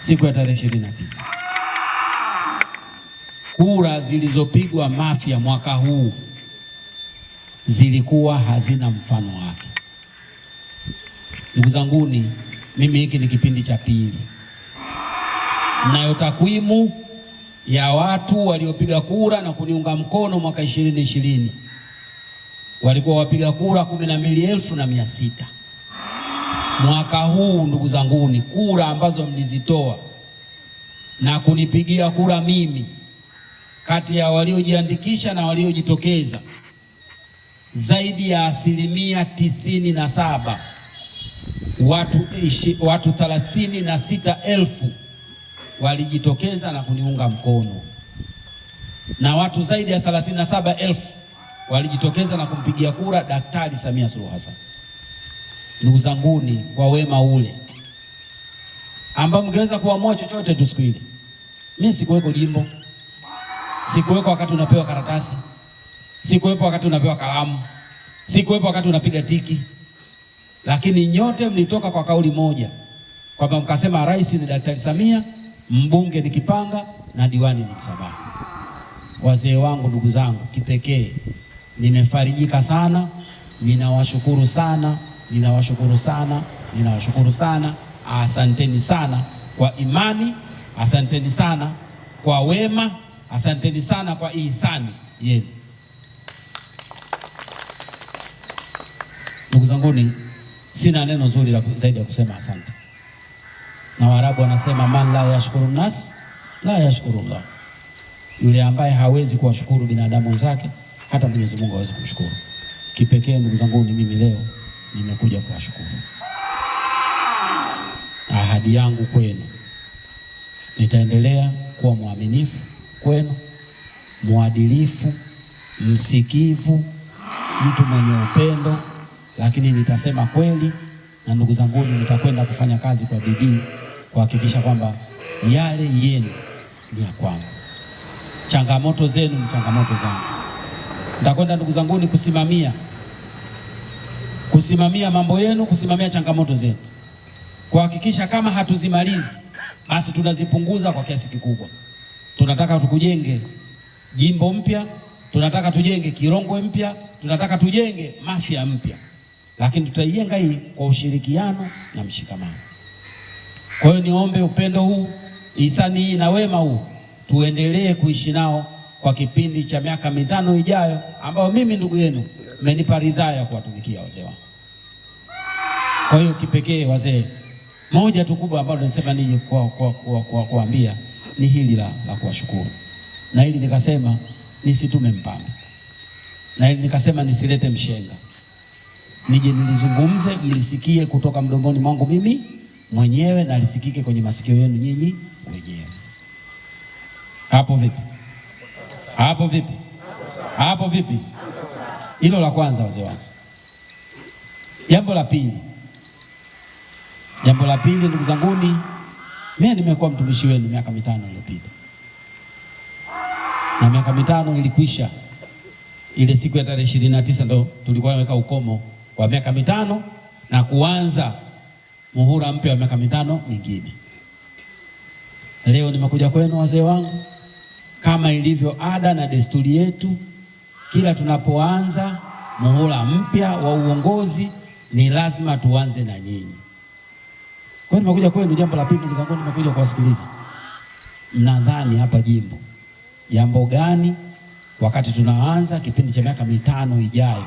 siku ya tarehe 29. Kura zilizopigwa Mafia mwaka huu zilikuwa hazina mfano wake. Ndugu zanguni, mimi hiki ni kipindi cha pili, nayo takwimu ya watu waliopiga kura na kuniunga mkono mwaka ishirini ishirini walikuwa wapiga kura kumi na mbili elfu na mia sita mwaka huu, ndugu zanguni, kura ambazo mlizitoa na kunipigia kura mimi, kati ya waliojiandikisha na waliojitokeza, zaidi ya asilimia tisini na saba watu, watu thelathini na sita elfu walijitokeza na kuniunga mkono na watu zaidi ya thelathini na saba elfu walijitokeza na kumpigia kura Daktari Samia Suluhu Hassan ndugu zanguni, kwa wema ule ambao mngeweza kuamua chochote tu siku ile. Mimi sikuweko jimbo, sikuweko wakati unapewa karatasi, sikuwepo wakati unapewa kalamu, sikuwepo wakati unapiga tiki, lakini nyote mlitoka kwa kauli moja kwamba mkasema rais ni Daktari Samia, mbunge ni Kipanga na diwani ni Msabaha. Wazee wangu, ndugu zangu, kipekee nimefarijika sana, ninawashukuru sana. Ninawashukuru sana, ninawashukuru sana. Asanteni sana kwa imani, asanteni sana kwa wema, asanteni sana kwa ihsani yenu. Ndugu zanguni, sina neno zuri la zaidi ya kusema asante, na Waarabu wanasema man la yashkuru nas la yashkuru Allah, yule ambaye hawezi kuwashukuru binadamu wenzake hata Mwenyezi Mungu hawezi kumshukuru. Kipekee ndugu zanguni, mimi leo nimekuja kuwashukuru. Ahadi yangu kwenu, nitaendelea kuwa mwaminifu kwenu, mwadilifu, msikivu, mtu mwenye upendo, lakini nitasema kweli, na ndugu zanguni, nitakwenda kufanya kazi kwa bidii kuhakikisha kwamba yale yenu ni ya kwangu, changamoto zenu ni changamoto zangu. Nitakwenda ndugu zanguni kusimamia kusimamia mambo yenu, kusimamia changamoto zetu kuhakikisha kama hatuzimalizi basi tunazipunguza kwa kiasi kikubwa. Tunataka tukujenge jimbo mpya, tunataka tujenge Kirongwe mpya, tunataka tujenge Mafia mpya, lakini tutaijenga hii kwa ushirikiano na mshikamano. Kwa hiyo niombe upendo huu, hisani hii na wema huu tuendelee kuishi nao kwa kipindi cha miaka mitano ijayo, ambayo mimi ndugu yenu mmenipa ridhaa ya kuwatumikia wazee wangu. Kwa hiyo kipekee wazee, moja tu kubwa ambalo nilisema nije kuwaambia kwa, kwa, kwa, ni hili la, la kuwashukuru, na hili nikasema nisitume mpambe, na hili nikasema nisilete mshenga, nije nilizungumze, mlisikie kutoka mdomoni mwangu mimi mwenyewe na lisikike kwenye masikio yenu nyinyi wenyewe. Hapo vipi? Hapo vipi? Hapo vipi? Hilo la kwanza, wazee wangu. Jambo la pili, jambo la pili, ndugu zanguni, mimi nimekuwa mtumishi wenu miaka mitano iliyopita, na miaka mitano ilikwisha ile siku ya tarehe ishirini na tisa ndo tulikuwa naweka ukomo wa miaka mitano na kuanza muhula mpya wa miaka mitano mingine. Leo nimekuja kwenu wazee wangu, kama ilivyo ada na desturi yetu kila tunapoanza muhula mpya wa uongozi ni lazima tuanze na nyinyi. Kwa hiyo nimekuja kwenu, jambo la pili ndugu zangu, nimekuja kuwasikiliza. Mnadhani hapa jimbo jambo gani wakati tunaanza kipindi cha miaka mitano ijayo?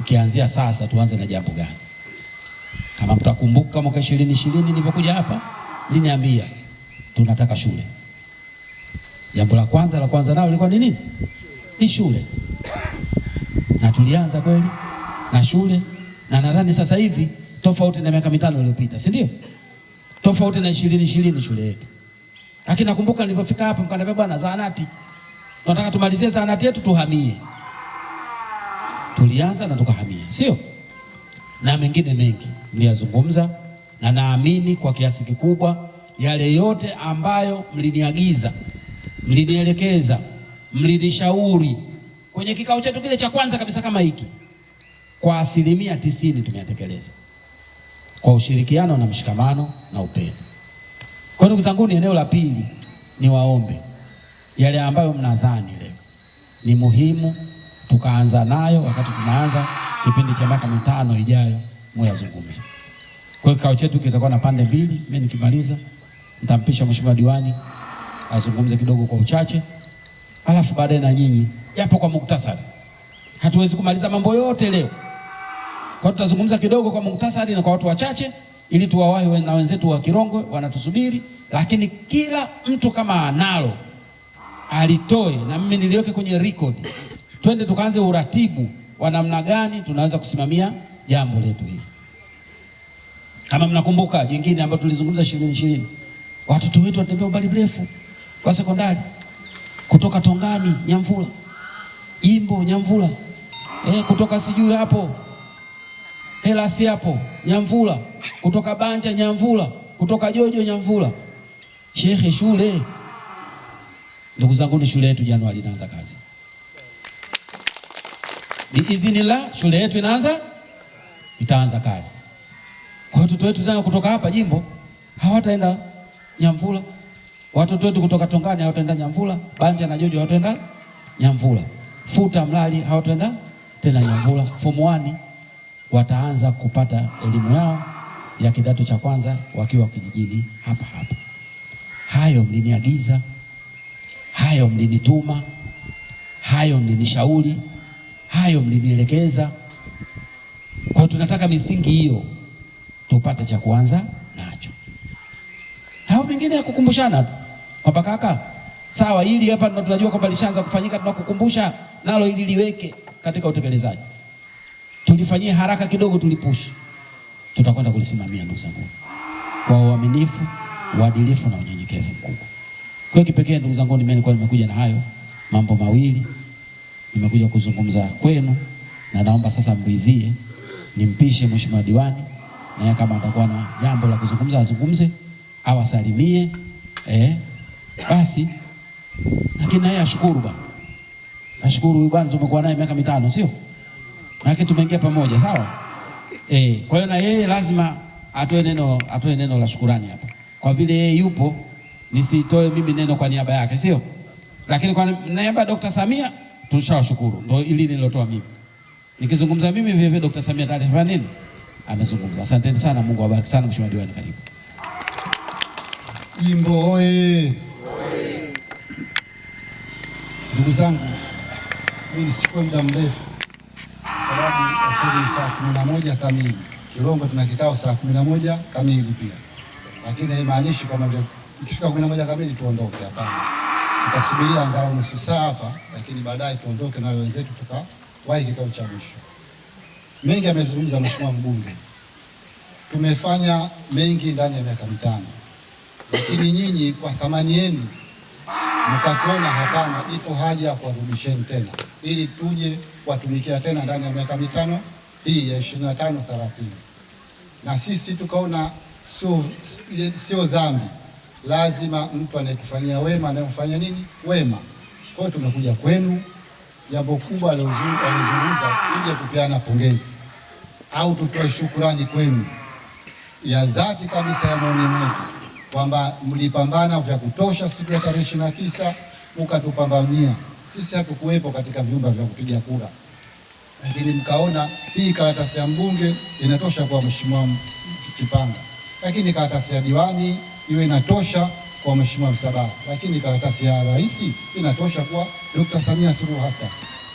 Ukianzia sasa tuanze na jambo gani? Kama mtakumbuka mwaka ishirini ishirini nilipokuja hapa niliniambia tunataka shule. Jambo la kwanza la kwanza nao lilikuwa ni nini? ni shule, na tulianza kweli na shule, na nadhani sasa hivi tofauti na miaka mitano iliyopita, si ndio? Tofauti na ishirini ishirini shule yetu. Lakini nakumbuka nilipofika hapa mkaniambia, bwana, zahanati tunataka tumalizie zahanati yetu tuhamie. Tulianza na tukahamia, sio? Na mengine mengi mliyazungumza, na naamini kwa kiasi kikubwa yale yote ambayo mliniagiza, mlinielekeza mlilishauri kwenye kikao chetu kile cha kwanza kabisa kama hiki, kwa asilimia tisini tumeyatekeleza kwa ushirikiano na mshikamano na upendo. Kwa ndugu zangu, ni eneo la pili, ni waombe yale ambayo mnadhani leo ni muhimu tukaanza nayo wakati tunaanza kipindi cha miaka mitano ijayo, muyazungumze. Kwa hiyo kikao chetu kitakuwa na pande mbili. Mimi nikimaliza nitampisha mheshimiwa diwani azungumze kidogo kwa uchache halafu baadaye na nyinyi, japo kwa muktasari. Hatuwezi kumaliza mambo yote leo, kwa tutazungumza kidogo kwa muktasari na kwa watu wachache, ili tuwawahi na wenzetu wa Kirongwe wanatusubiri, lakini kila mtu kama analo alitoe na mimi niliweke kwenye record, Twende tukaanze uratibu wa namna gani tunaweza kusimamia jambo letu hili. Kama mnakumbuka jingine ambayo tulizungumza ishirini ishirini, watoto wetu wanatembea umbali mrefu kwa sekondari kutoka Tongani Nyamvula, jimbo Nyamvula eh, kutoka sijui hapo Helasi hapo Nyamvula, kutoka Banja Nyamvula, kutoka Jojo Nyamvula. Shekhe, shule ndugu zangu, ni shule yetu Januari inaanza kazi idhini la shule yetu inaanza itaanza kazi. Kwa hiyo watoto wetu kutoka hapa jimbo hawataenda Nyamvula. Watoto wetu kutoka Tongani hawataenda Nyamvula, Banja na Jojo hawataenda Nyamvula, Futa Mlali hawataenda tena Nyamvula. Form 1 wataanza kupata elimu yao ya kidato cha kwanza wakiwa kijijini hapa hapa. Hayo mliniagiza, hayo mlinituma, hayo mlinishauri, hayo mlinielekeza. Kwa tunataka misingi hiyo tupate cha kuanza nacho, hao mengine ya kukumbushana tu kwamba kaka, sawa, hili hapa tunajua kwamba lishaanza kufanyika, tunakukumbusha nalo ili liweke katika utekelezaji, tulifanyie haraka kidogo, tulipushi, tutakwenda kulisimamia ndugu zangu, kwa uaminifu, uadilifu na unyenyekevu mkubwa. Kwa kipekee ndugu zangu, mimi nilikuwa nimekuja na hayo mambo mawili nimekuja kuzungumza kwenu, na naomba sasa mridhie nimpishe mheshimiwa diwani, naye kama atakuwa na jambo la kuzungumza azungumze, awasalimie eh. Basi lakini naye ashukuru bwana, ashukuru huyu bwana tumekuwa naye miaka mitano, sio lakini tumeingia pamoja, sawa eh. Kwa hiyo na yeye lazima atoe neno, atoe neno la shukurani hapa, kwa vile yeye yupo, nisitoe mimi neno kwa niaba yake, sio lakini kwa niaba ya Dr. Samia tushawashukuru, ndio ili nilotoa mimi. Nikizungumza mimi vile vile Dr. Samia fanya nini amezungumza. Asanteni sana, Mungu awabariki sana. Mheshimiwa Diwani, karibu jimbo oye. Ndugu zangu, mimi nisichukue muda mrefu sababu asili saa kumi na moja kamili Kirongo tuna kikao saa kumi na moja kamili pia, lakini haimaanishi kwamba ndio ikifika kumi na moja kamili tuondoke. Hapana, tutasubiria angalau nusu saa hapa, lakini baadaye tuondoke na wenzetu tukawahi kikao cha mwisho. Mengi amezungumza mheshimiwa mbunge, tumefanya mengi ndani ya miaka mitano, lakini nyinyi kwa thamani yenu mkatuona hapana, ipo haja ya kuwarudisheni tena ili tuje kuwatumikia tena ndani ya miaka mitano hii ya ishirini na tano thelathini, na sisi tukaona sio sio dhambi, lazima mtu anayekufanyia wema anayemfanyia nini wema. Kwa hiyo tumekuja kwenu, jambo kubwa alizungumza, tuje kupeana pongezi au tutoe shukurani kwenu ya dhati kabisa ya moyoni mwetu kwamba mlipambana vya kutosha siku ya tarehe ishirini na tisa mkatupambania sisi. Hatukuwepo katika vyumba vya kupiga kura, lakini mkaona hii karatasi ya mbunge inatosha kwa mheshimiwa Kipanga, lakini karatasi ya diwani iwe inatosha kwa mheshimiwa Msabaha, lakini karatasi ya rais inatosha kwa Dr. Samia Suluhu Hassan.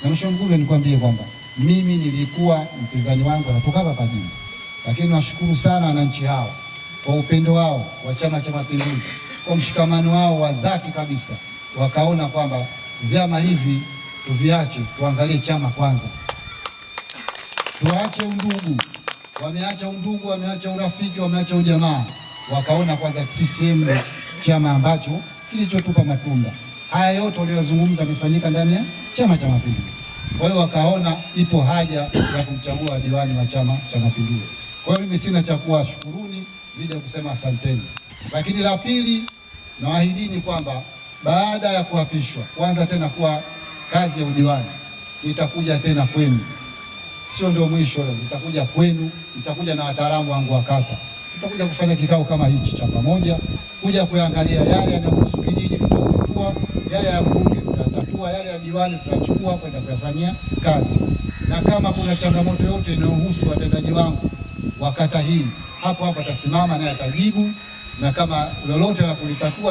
Na mheshimiwa mbunge, nikwambie kwamba mimi nilikuwa mpinzani wangu anatoka hapa Pajini, lakini nashukuru sana wananchi hawa kwa upendo wao wa Chama cha Mapinduzi, kwa mshikamano wao wa dhati kabisa, wakaona kwamba vyama hivi tuviache, tuangalie chama kwanza, tuache undugu. Wameacha undugu, wameacha urafiki, wameacha ujamaa, wakaona kwanza CCM chama ambacho kilichotupa matunda haya yote waliyozungumza amefanyika ndani ya Chama cha Mapinduzi. Kwa hiyo wakaona ipo haja ya kumchagua diwani wa Chama cha Mapinduzi. Kwa hiyo mimi sina cha kuwashukuruni zidi kusema asanteni. Lakini la pili, nawaahidini kwamba baada ya kuapishwa kuanza tena kuwa kazi ya udiwani, nitakuja tena kwenu, sio ndio mwisho leo, nitakuja kwenu, nitakuja na wataalamu wangu wa kata, tutakuja kufanya kikao kama hichi cha pamoja, kuja kuangalia yale yanayohusu kijiji tutatatua, yale ya mbunge tutatatua, yale ya diwani tutachukua kwenda kuyafanyia kazi, na kama kuna changamoto yote inayohusu watendaji wangu wa kata hii hapo hapo atasimama naye atajibu, na kama lolote la kulitatua